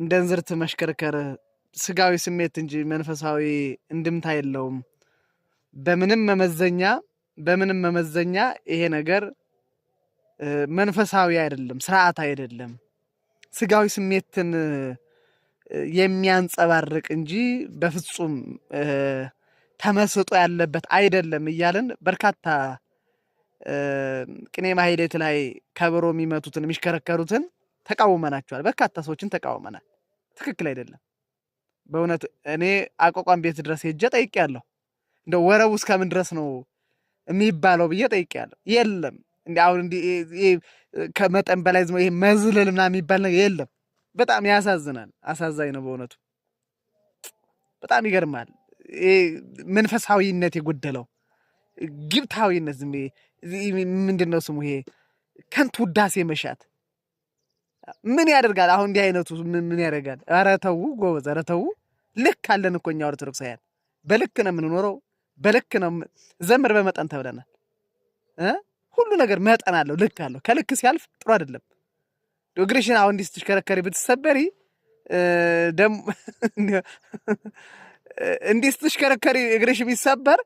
እንደ እንዝርት መሽከርከር ስጋዊ ስሜት እንጂ መንፈሳዊ እንድምታ የለውም። በምንም መመዘኛ በምንም መመዘኛ ይሄ ነገር መንፈሳዊ አይደለም፣ ስርዓት አይደለም፣ ስጋዊ ስሜትን የሚያንጸባርቅ እንጂ በፍጹም ተመስጦ ያለበት አይደለም እያልን በርካታ ቅኔ ማህሌት ላይ ከበሮ የሚመቱትን የሚሽከረከሩትን ተቃውመናቸዋል። በርካታ ሰዎችን ተቃውመናል። ትክክል አይደለም። በእውነት እኔ አቋቋም ቤት ድረስ ሄጄ ጠይቄያለሁ። እንደ ወረቡ እስከምን ድረስ ነው የሚባለው ብዬ ጠይቄያለሁ። የለም እንዲ አሁን ከመጠን በላይ ይሄ መዝለል ምናምን የሚባል ነገር የለም። በጣም ያሳዝናል። አሳዛኝ ነው በእውነቱ በጣም ይገርማል። መንፈሳዊነት የጎደለው ግብታዊነት ምንድን ነው ስሙ? ይሄ ከንቱ ውዳሴ መሻት ምን ያደርጋል አሁን እንዲህ አይነቱ ምን ያደርጋል? ኧረ ተው ጎበዝ፣ ኧረ ተው። ልክ አለን እኮ እኛ ኦርቶዶክሳውያን በልክ ነው የምንኖረው፣ በልክ ነው። ዘምር በመጠን ተብለናል። ሁሉ ነገር መጠን አለው፣ ልክ አለው። ከልክ ሲያልፍ ጥሩ አይደለም። እግርሽን አሁን እንዲህ ስትሽከረከሪ ብትሰበሪ ደግሞ እንዲህ ስትሽከረከሪ እግርሽ ቢሰበር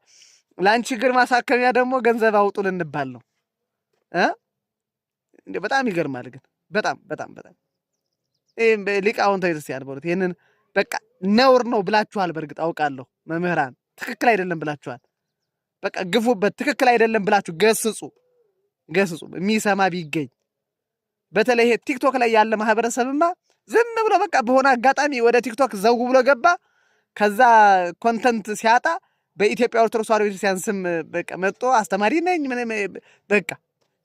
ለአንቺ እግር ማሳከሚያ ደግሞ ገንዘብ አውጡ ልንባል ነው። በጣም ይገርማል ግን በጣም በጣም በጣም ሊቃውንተ ክርስቲያን በሉት ይህንን በቃ ነውር ነው ብላችኋል። በእርግጥ አውቃለሁ መምህራን ትክክል አይደለም ብላችኋል። በቃ ግፉበት፣ ትክክል አይደለም ብላችሁ ገስጹ፣ ገስጹ። የሚሰማ ቢገኝ በተለይ ይሄ ቲክቶክ ላይ ያለ ማህበረሰብማ ዝም ብሎ በቃ በሆነ አጋጣሚ ወደ ቲክቶክ ዘው ብሎ ገባ። ከዛ ኮንተንት ሲያጣ በኢትዮጵያ ኦርቶዶክስ ተዋሕዶ ቤተክርስቲያን ስም በቃ መጥቶ አስተማሪ ነኝ በቃ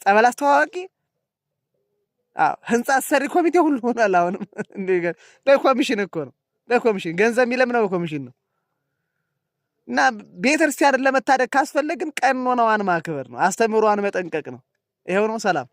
ጸበል አስተዋዋቂ ህንፃ አሰሪ ኮሚቴ ሁሉ ሆኗል። አሁንም በኮሚሽን እኮ ነው፣ በኮሚሽን ገንዘብ የሚለምነው በኮሚሽን ነው። እና ቤተክርስቲያንን ለመታደግ ካስፈለግን ቀኖናዋን ማክበር ነው፣ አስተምህሮዋን መጠንቀቅ ነው። ይኸው ነው። ሰላም